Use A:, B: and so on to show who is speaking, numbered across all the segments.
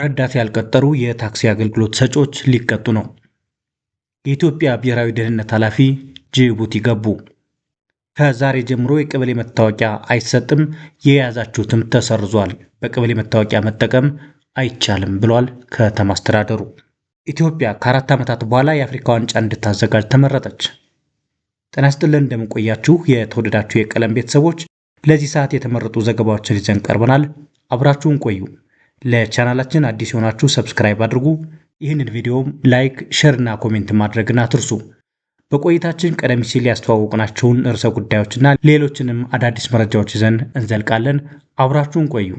A: ረዳት ያልቀጠሩ የታክሲ አገልግሎት ሰጪዎች ሊቀጡ ነው። የኢትዮጵያ ብሔራዊ ደህንነት ኃላፊ ጅቡቲ ገቡ። ከዛሬ ጀምሮ የቀበሌ መታወቂያ አይሰጥም፣ የያዛችሁትም ተሰርዟል፣ በቀበሌ መታወቂያ መጠቀም አይቻልም ብሏል ከተማ አስተዳደሩ። ኢትዮጵያ ከአራት ዓመታት በኋላ የአፍሪካ ዋንጫ እንድታዘጋጅ ተመረጠች። ጤና ይስጥልን እንደምንቆያችሁ የተወደዳችሁ የቀለም ቤተሰቦች፣ ለዚህ ሰዓት የተመረጡ ዘገባዎችን ይዘን ቀርበናል። አብራችሁን ቆዩ። ለቻናላችን አዲስ የሆናችሁ ሰብስክራይብ አድርጉ። ይህንን ቪዲዮም ላይክ፣ ሼር እና ኮሜንት ማድረግን አትርሱ። በቆይታችን ቀደም ሲል ያስተዋወቅናቸውን ርዕሰ ጉዳዮችና ሌሎችንም አዳዲስ መረጃዎች ይዘን እንዘልቃለን። አብራችሁን ቆዩ።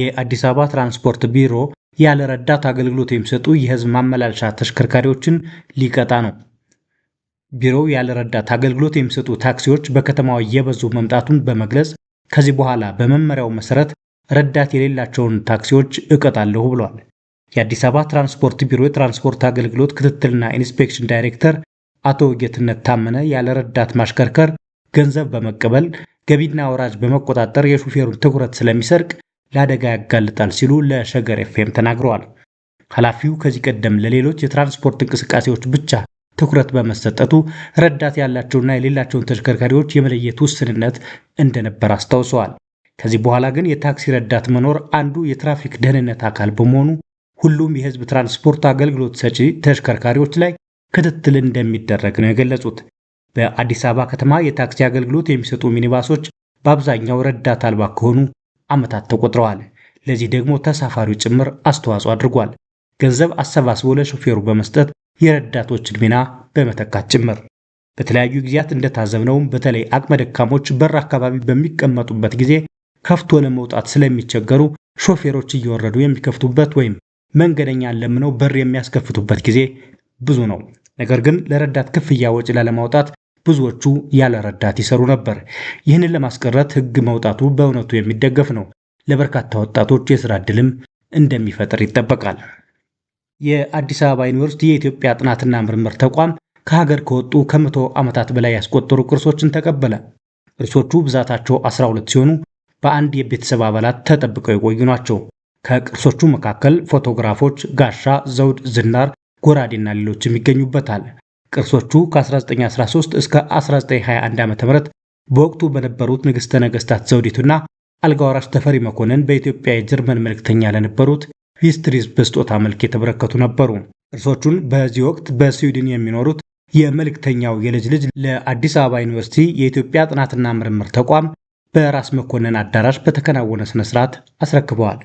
A: የአዲስ አበባ ትራንስፖርት ቢሮ ያለ ረዳት አገልግሎት የሚሰጡ የህዝብ ማመላለሻ ተሽከርካሪዎችን ሊቀጣ ነው። ቢሮው ያለ ረዳት አገልግሎት የሚሰጡ ታክሲዎች በከተማዋ እየበዙ መምጣቱን በመግለጽ ከዚህ በኋላ በመመሪያው መሰረት ረዳት የሌላቸውን ታክሲዎች እቀጣለሁ ብሏል። የአዲስ አበባ ትራንስፖርት ቢሮ የትራንስፖርት አገልግሎት ክትትልና ኢንስፔክሽን ዳይሬክተር አቶ ጌትነት ታመነ ያለ ረዳት ማሽከርከር ገንዘብ በመቀበል ገቢና ወራጅ በመቆጣጠር የሹፌሩን ትኩረት ስለሚሰርቅ ለአደጋ ያጋልጣል ሲሉ ለሸገር ኤፍኤም ተናግረዋል። ኃላፊው ከዚህ ቀደም ለሌሎች የትራንስፖርት እንቅስቃሴዎች ብቻ ትኩረት በመሰጠቱ ረዳት ያላቸውና የሌላቸውን ተሽከርካሪዎች የመለየት ውስንነት እንደነበር አስታውሰዋል። ከዚህ በኋላ ግን የታክሲ ረዳት መኖር አንዱ የትራፊክ ደህንነት አካል በመሆኑ ሁሉም የህዝብ ትራንስፖርት አገልግሎት ሰጪ ተሽከርካሪዎች ላይ ክትትል እንደሚደረግ ነው የገለጹት። በአዲስ አበባ ከተማ የታክሲ አገልግሎት የሚሰጡ ሚኒባሶች በአብዛኛው ረዳት አልባ ከሆኑ ዓመታት ተቆጥረዋል። ለዚህ ደግሞ ተሳፋሪው ጭምር አስተዋጽኦ አድርጓል። ገንዘብ አሰባስቦ ለሾፌሩ በመስጠት የረዳቶችን ሚና በመተካት ጭምር በተለያዩ ጊዜያት እንደታዘብነውም በተለይ አቅመ ደካሞች በር አካባቢ በሚቀመጡበት ጊዜ ከፍቶ ለመውጣት ስለሚቸገሩ ሾፌሮች እየወረዱ የሚከፍቱበት ወይም መንገደኛን ለምነው በር የሚያስከፍቱበት ጊዜ ብዙ ነው። ነገር ግን ለረዳት ክፍያ ወጪ ላለማውጣት ብዙዎቹ ያለ ረዳት ይሰሩ ነበር። ይህንን ለማስቀረት ህግ መውጣቱ በእውነቱ የሚደገፍ ነው። ለበርካታ ወጣቶች የስራ ዕድልም እንደሚፈጥር ይጠበቃል። የአዲስ አበባ ዩኒቨርሲቲ የኢትዮጵያ ጥናትና ምርምር ተቋም ከሀገር ከወጡ ከመቶ ዓመታት በላይ ያስቆጠሩ ቅርሶችን ተቀበለ። ቅርሶቹ ብዛታቸው 12 ሲሆኑ በአንድ የቤተሰብ አባላት ተጠብቀው የቆዩ ናቸው። ከቅርሶቹ መካከል ፎቶግራፎች፣ ጋሻ፣ ዘውድ፣ ዝናር፣ ጎራዴና ሌሎችም ይገኙበታል። ቅርሶቹ ከ1913 እስከ 1921 ዓ ም በወቅቱ በነበሩት ንግሥተ ነገሥታት ዘውዲቱና አልጋወራሽ ተፈሪ መኮንን በኢትዮጵያ የጀርመን መልእክተኛ ለነበሩት ሂስትሪዝ በስጦታ መልክ የተበረከቱ ነበሩ። ቅርሶቹን በዚህ ወቅት በስዊድን የሚኖሩት የመልእክተኛው የልጅ ልጅ ለአዲስ አበባ ዩኒቨርሲቲ የኢትዮጵያ ጥናትና ምርምር ተቋም በራስ መኮንን አዳራሽ በተከናወነ ስነ ስርዓት አስረክበዋል።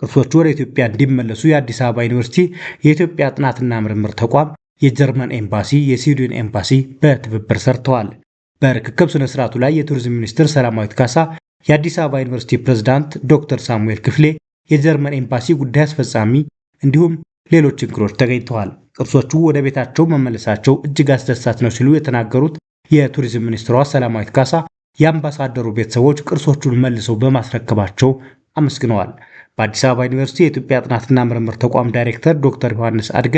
A: ቅርሶቹ ወደ ኢትዮጵያ እንዲመለሱ የአዲስ አበባ ዩኒቨርሲቲ የኢትዮጵያ ጥናትና ምርምር ተቋም የጀርመን ኤምባሲ፣ የስዊድን ኤምባሲ በትብብር ሰርተዋል። በርክክብ ስነ ስርዓቱ ላይ የቱሪዝም ሚኒስትር ሰላማዊት ካሳ፣ የአዲስ አበባ ዩኒቨርሲቲ ፕሬዝዳንት ዶክተር ሳሙኤል ክፍሌ፣ የጀርመን ኤምባሲ ጉዳይ አስፈጻሚ እንዲሁም ሌሎች እንግዶች ተገኝተዋል። ቅርሶቹ ወደ ቤታቸው መመለሳቸው እጅግ አስደሳች ነው ሲሉ የተናገሩት የቱሪዝም ሚኒስትሯ ሰላማዊት ካሳ የአምባሳደሩ ቤተሰቦች ቅርሶቹን መልሰው በማስረከባቸው አመስግነዋል። በአዲስ አበባ ዩኒቨርሲቲ የኢትዮጵያ ጥናትና ምርምር ተቋም ዳይሬክተር ዶክተር ዮሐንስ አድገ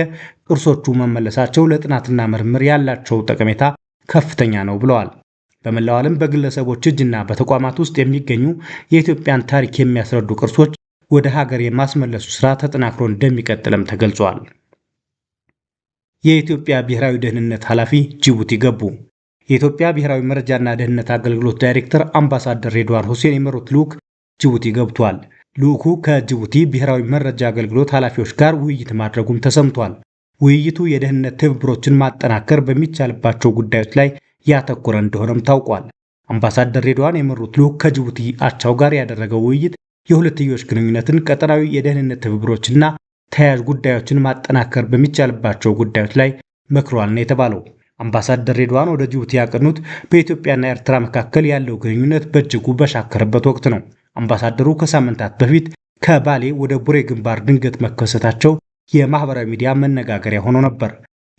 A: ቅርሶቹ መመለሳቸው ለጥናትና ምርምር ያላቸው ጠቀሜታ ከፍተኛ ነው ብለዋል። በመላው ዓለም በግለሰቦች እጅና በተቋማት ውስጥ የሚገኙ የኢትዮጵያን ታሪክ የሚያስረዱ ቅርሶች ወደ ሀገር የማስመለሱ ስራ ተጠናክሮ እንደሚቀጥልም ተገልጿል። የኢትዮጵያ ብሔራዊ ደህንነት ኃላፊ ጅቡቲ ገቡ። የኢትዮጵያ ብሔራዊ መረጃና ደህንነት አገልግሎት ዳይሬክተር አምባሳደር ሬድዋን ሁሴን የመሩት ልዑክ ጅቡቲ ገብቷል። ልዑኩ ከጅቡቲ ብሔራዊ መረጃ አገልግሎት ኃላፊዎች ጋር ውይይት ማድረጉም ተሰምቷል። ውይይቱ የደህንነት ትብብሮችን ማጠናከር በሚቻልባቸው ጉዳዮች ላይ ያተኮረ እንደሆነም ታውቋል። አምባሳደር ሬድዋን የመሩት ልዑክ ከጅቡቲ አቻው ጋር ያደረገው ውይይት የሁለትዮሽ ግንኙነትን፣ ቀጠናዊ የደህንነት ትብብሮችና ተያያዥ ጉዳዮችን ማጠናከር በሚቻልባቸው ጉዳዮች ላይ መክሯል ነው የተባለው። አምባሳደር ሬድዋን ወደ ጅቡቲ ያቀኑት በኢትዮጵያና ኤርትራ መካከል ያለው ግንኙነት በእጅጉ በሻከረበት ወቅት ነው። አምባሳደሩ ከሳምንታት በፊት ከባሌ ወደ ቡሬ ግንባር ድንገት መከሰታቸው የማህበራዊ ሚዲያ መነጋገሪያ ሆኖ ነበር።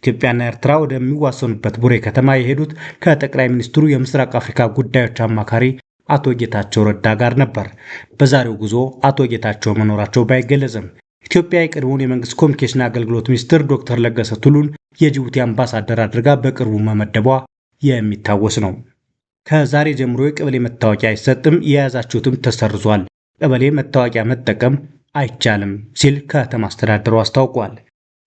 A: ኢትዮጵያና ኤርትራ ወደሚዋሰኑበት ቡሬ ከተማ የሄዱት ከጠቅላይ ሚኒስትሩ የምስራቅ አፍሪካ ጉዳዮች አማካሪ አቶ ጌታቸው ረዳ ጋር ነበር። በዛሬው ጉዞ አቶ ጌታቸው መኖራቸው ባይገለጽም ኢትዮጵያ የቀድሞውን የመንግስት ኮሚኒኬሽን አገልግሎት ሚኒስትር ዶክተር ለገሰ ቱሉን የጅቡቲ አምባሳደር አድርጋ በቅርቡ መመደቧ የሚታወስ ነው። ከዛሬ ጀምሮ የቀበሌ መታወቂያ አይሰጥም፣ የያዛችሁትም ተሰርዟል፣ ቀበሌ መታወቂያ መጠቀም አይቻልም ሲል ከተማ አስተዳደሩ አስታውቋል።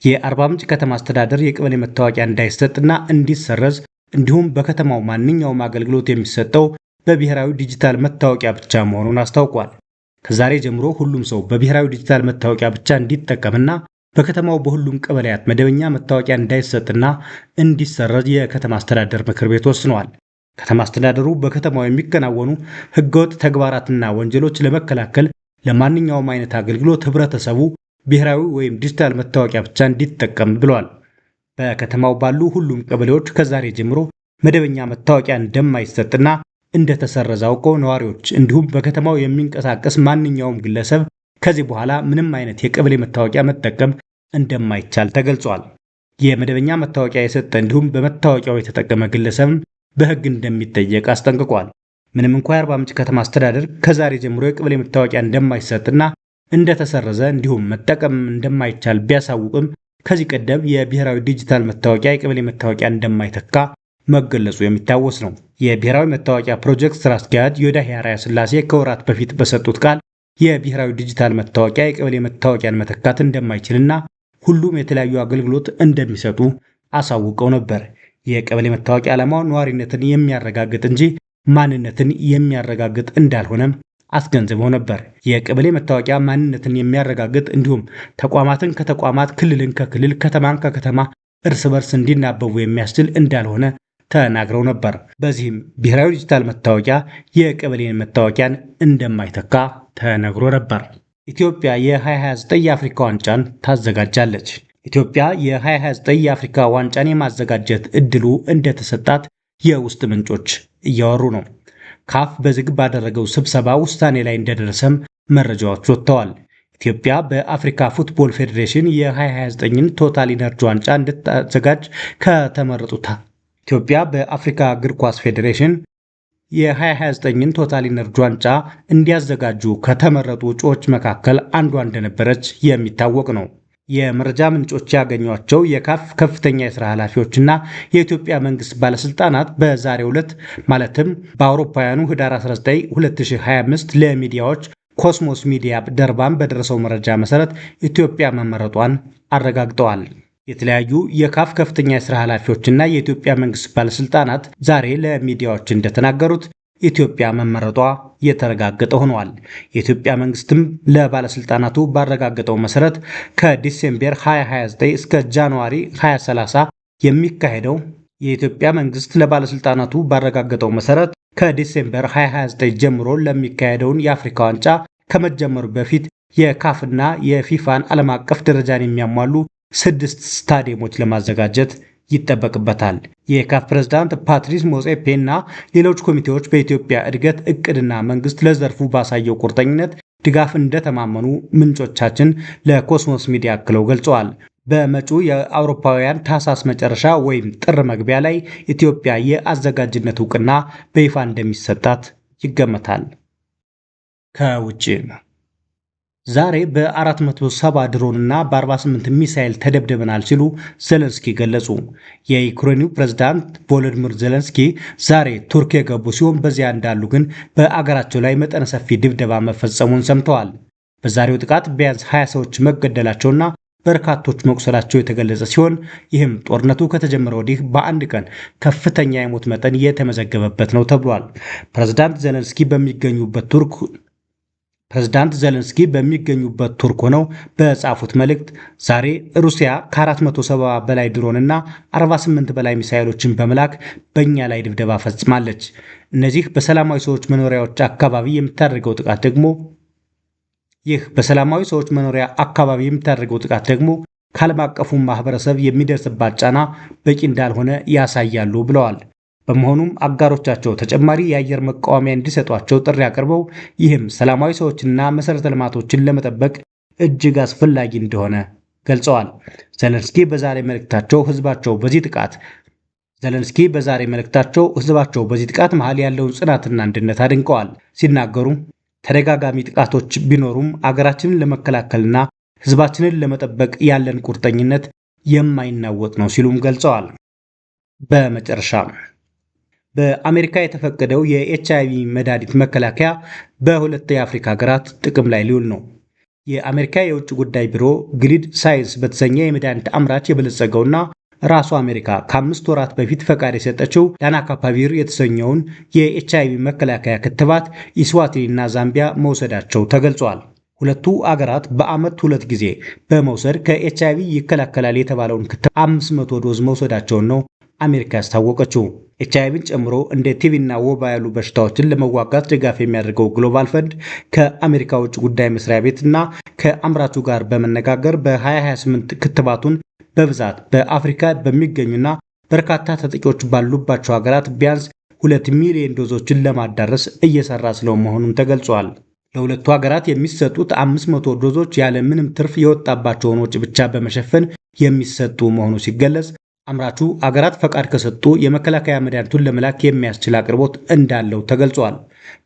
A: የአርባ ምንጭ ከተማ አስተዳደር የቀበሌ መታወቂያ እንዳይሰጥና እንዲሰረዝ እንዲሁም በከተማው ማንኛውም አገልግሎት የሚሰጠው በብሔራዊ ዲጂታል መታወቂያ ብቻ መሆኑን አስታውቋል። ከዛሬ ጀምሮ ሁሉም ሰው በብሔራዊ ዲጂታል መታወቂያ ብቻ እንዲጠቀምና በከተማው በሁሉም ቀበሌያት መደበኛ መታወቂያ እንዳይሰጥና እንዲሰረዝ የከተማ አስተዳደር ምክር ቤት ወስኗል። ከተማ አስተዳደሩ በከተማው የሚከናወኑ ህገወጥ ተግባራትና ወንጀሎች ለመከላከል ለማንኛውም አይነት አገልግሎት ህብረተሰቡ ብሔራዊ ወይም ዲጂታል መታወቂያ ብቻ እንዲጠቀም ብሏል። በከተማው ባሉ ሁሉም ቀበሌዎች ከዛሬ ጀምሮ መደበኛ መታወቂያ እንደማይሰጥና እንደተሰረዘ አውቀው ነዋሪዎች እንዲሁም በከተማው የሚንቀሳቀስ ማንኛውም ግለሰብ ከዚህ በኋላ ምንም አይነት የቀበሌ መታወቂያ መጠቀም እንደማይቻል ተገልጿል። የመደበኛ መታወቂያ የሰጠ እንዲሁም በመታወቂያው የተጠቀመ ግለሰብም በህግ እንደሚጠየቅ አስጠንቅቋል። ምንም እንኳ የአርባ ምንጭ ከተማ አስተዳደር ከዛሬ ጀምሮ የቀበሌ መታወቂያ እንደማይሰጥና እንደተሰረዘ እንዲሁም መጠቀም እንደማይቻል ቢያሳውቅም ከዚህ ቀደም የብሔራዊ ዲጂታል መታወቂያ የቀበሌ መታወቂያ እንደማይተካ መገለጹ የሚታወስ ነው። የብሔራዊ መታወቂያ ፕሮጀክት ስራ አስኪያጅ ዮዳሄ አርአያ ስላሴ ከወራት በፊት በሰጡት ቃል የብሔራዊ ዲጂታል መታወቂያ የቀበሌ መታወቂያን መተካት እንደማይችልና ሁሉም የተለያዩ አገልግሎት እንደሚሰጡ አሳውቀው ነበር። የቀበሌ መታወቂያ ዓላማው ነዋሪነትን የሚያረጋግጥ እንጂ ማንነትን የሚያረጋግጥ እንዳልሆነም አስገንዝበው ነበር። የቀበሌ መታወቂያ ማንነትን የሚያረጋግጥ እንዲሁም ተቋማትን ከተቋማት፣ ክልልን ከክልል፣ ከተማን ከከተማ እርስ በርስ እንዲናበቡ የሚያስችል እንዳልሆነ ተናግረው ነበር። በዚህም ብሔራዊ ዲጂታል መታወቂያ የቀበሌ መታወቂያን እንደማይተካ ተነግሮ ነበር። ኢትዮጵያ የ2029 የአፍሪካ ዋንጫን ታዘጋጃለች። ኢትዮጵያ የ2029 የአፍሪካ ዋንጫን የማዘጋጀት እድሉ እንደተሰጣት የውስጥ ምንጮች እያወሩ ነው። ካፍ በዝግ ባደረገው ስብሰባ ውሳኔ ላይ እንደደረሰም መረጃዎች ወጥተዋል። ኢትዮጵያ በአፍሪካ ፉትቦል ፌዴሬሽን የ2029ን ቶታል ኢነርጂ ዋንጫ እንድታዘጋጅ ከተመረጡታ ኢትዮጵያ በአፍሪካ እግር ኳስ ፌዴሬሽን የ2029ን ቶታል ኢነርጂ ዋንጫ እንዲያዘጋጁ ከተመረጡ እጩዎች መካከል አንዷ እንደነበረች የሚታወቅ ነው። የመረጃ ምንጮች ያገኟቸው የካፍ ከፍተኛ የስራ ኃላፊዎችና የኢትዮጵያ መንግስት ባለስልጣናት በዛሬው ዕለት ማለትም በአውሮፓውያኑ ህዳር 19 2025 ለሚዲያዎች ኮስሞስ ሚዲያ ደርባን በደረሰው መረጃ መሰረት ኢትዮጵያ መመረጧን አረጋግጠዋል። የተለያዩ የካፍ ከፍተኛ የስራ ኃላፊዎችና የኢትዮጵያ መንግስት ባለስልጣናት ዛሬ ለሚዲያዎች እንደተናገሩት ኢትዮጵያ መመረጧ የተረጋገጠ ሆኗል። የኢትዮጵያ መንግስትም ለባለስልጣናቱ ባረጋገጠው መሰረት ከዲሴምበር 2029 እስከ ጃንዋሪ 2030 የሚካሄደው የኢትዮጵያ መንግስት ለባለስልጣናቱ ባረጋገጠው መሰረት ከዲሴምበር 2029 ጀምሮ ለሚካሄደውን የአፍሪካ ዋንጫ ከመጀመሩ በፊት የካፍና የፊፋን ዓለም አቀፍ ደረጃን የሚያሟሉ ስድስት ስታዲየሞች ለማዘጋጀት ይጠበቅበታል። የካፍ ፕሬዝዳንት ፓትሪስ ሞሴፔ እና ሌሎች ኮሚቴዎች በኢትዮጵያ እድገት እቅድና መንግስት ለዘርፉ ባሳየው ቁርጠኝነት ድጋፍ እንደተማመኑ ምንጮቻችን ለኮስሞስ ሚዲያ አክለው ገልጸዋል። በመጪው የአውሮፓውያን ታህሳስ መጨረሻ ወይም ጥር መግቢያ ላይ ኢትዮጵያ የአዘጋጅነት እውቅና በይፋ እንደሚሰጣት ይገመታል። ከውጭ ዛሬ በ470 ድሮን እና በ48 ሚሳይል ተደብድበናል ሲሉ ዘለንስኪ ገለጹ። የዩክሬኑ ፕሬዝዳንት ቮሎዲሚር ዘለንስኪ ዛሬ ቱርክ የገቡ ሲሆን በዚያ እንዳሉ ግን በአገራቸው ላይ መጠነ ሰፊ ድብደባ መፈጸሙን ሰምተዋል። በዛሬው ጥቃት ቢያንስ 20 ሰዎች መገደላቸውና በርካቶች መቁሰላቸው የተገለጸ ሲሆን ይህም ጦርነቱ ከተጀመረ ወዲህ በአንድ ቀን ከፍተኛ የሞት መጠን የተመዘገበበት ነው ተብሏል። ፕሬዝዳንት ዘለንስኪ በሚገኙበት ቱርክ ፕሬዝዳንት ዘለንስኪ በሚገኙበት ቱርክ ሆነው በጻፉት መልእክት ዛሬ ሩሲያ ከ470 በላይ ድሮንና 48 በላይ ሚሳይሎችን በመላክ በእኛ ላይ ድብደባ ፈጽማለች። እነዚህ በሰላማዊ ሰዎች መኖሪያዎች አካባቢ የምታደርገው ጥቃት ደግሞ ይህ በሰላማዊ ሰዎች መኖሪያ አካባቢ የምታደርገው ጥቃት ደግሞ ከዓለም አቀፉ ማህበረሰብ የሚደርስባት ጫና በቂ እንዳልሆነ ያሳያሉ ብለዋል። በመሆኑም አጋሮቻቸው ተጨማሪ የአየር መቃወሚያ እንዲሰጧቸው ጥሪ አቅርበው ይህም ሰላማዊ ሰዎችና መሠረተ ልማቶችን ለመጠበቅ እጅግ አስፈላጊ እንደሆነ ገልጸዋል። ዘለንስኪ በዛሬ መልእክታቸው ህዝባቸው በዚህ ጥቃት ዘለንስኪ በዛሬ መልእክታቸው ህዝባቸው በዚህ ጥቃት መሃል ያለውን ጽናትና አንድነት አድንቀዋል። ሲናገሩ ተደጋጋሚ ጥቃቶች ቢኖሩም አገራችንን ለመከላከልና ህዝባችንን ለመጠበቅ ያለን ቁርጠኝነት የማይናወጥ ነው ሲሉም ገልጸዋል። በመጨረሻ በአሜሪካ የተፈቀደው የኤች አይቪ መድኃኒት መከላከያ በሁለት የአፍሪካ ሀገራት ጥቅም ላይ ሊውል ነው። የአሜሪካ የውጭ ጉዳይ ቢሮ ግሊድ ሳይንስ በተሰኘ የመድኃኒት አምራች የበለጸገውና ራሱ አሜሪካ ከአምስት ወራት በፊት ፈቃድ የሰጠችው ዳናካፓቪር የተሰኘውን የኤች አይቪ መከላከያ ክትባት ኢስዋቲኒ ዛምቢያ መውሰዳቸው ተገልጿል። ሁለቱ አገራት በዓመት ሁለት ጊዜ በመውሰድ ከኤች አይቪ ይከላከላል የተባለውን ክትባት 500 ዶዝ መውሰዳቸውን ነው አሜሪካ ያስታወቀችው። ኤች አይቪን ጨምሮ እንደ ቲቪ እና ወባ ያሉ በሽታዎችን ለመዋጋት ድጋፍ የሚያደርገው ግሎባል ፈንድ ከአሜሪካ ውጭ ጉዳይ መስሪያ ቤት እና ከአምራቹ ጋር በመነጋገር በ2028 ክትባቱን በብዛት በአፍሪካ በሚገኙና በርካታ ተጠቂዎች ባሉባቸው ሀገራት ቢያንስ ሁለት ሚሊዮን ዶዞችን ለማዳረስ እየሰራ ስለው መሆኑም ተገልጿል። ለሁለቱ ሀገራት የሚሰጡት 500 ዶዞች ያለ ምንም ትርፍ የወጣባቸውን ወጪ ብቻ በመሸፈን የሚሰጡ መሆኑ ሲገለጽ አምራቹ አገራት ፈቃድ ከሰጡ የመከላከያ መድኃኒቱን ለመላክ የሚያስችል አቅርቦት እንዳለው ተገልጿል።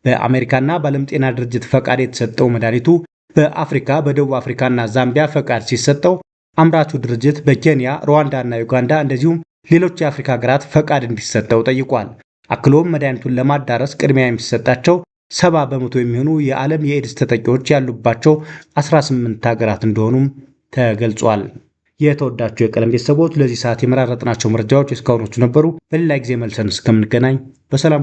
A: በአሜሪካና በዓለም ጤና ድርጅት ፈቃድ የተሰጠው መድኃኒቱ በአፍሪካ በደቡብ አፍሪካና ዛምቢያ ፈቃድ ሲሰጠው አምራቹ ድርጅት በኬንያ፣ ሩዋንዳና ዩጋንዳ እንደዚሁም ሌሎች የአፍሪካ ሀገራት ፈቃድ እንዲሰጠው ጠይቋል። አክሎም መድኃኒቱን ለማዳረስ ቅድሚያ የሚሰጣቸው ሰባ በመቶ የሚሆኑ የዓለም የኤድስ ተጠቂዎች ያሉባቸው 18 ሀገራት እንደሆኑም ተገልጿል። የተወዳቸው የቀለም ቤተሰቦች ለዚህ ሰዓት የመራረጥናቸው መረጃዎች እስካሁኖቹ ነበሩ። በሌላ ጊዜ መልሰን እስከምንገናኝ በሰላም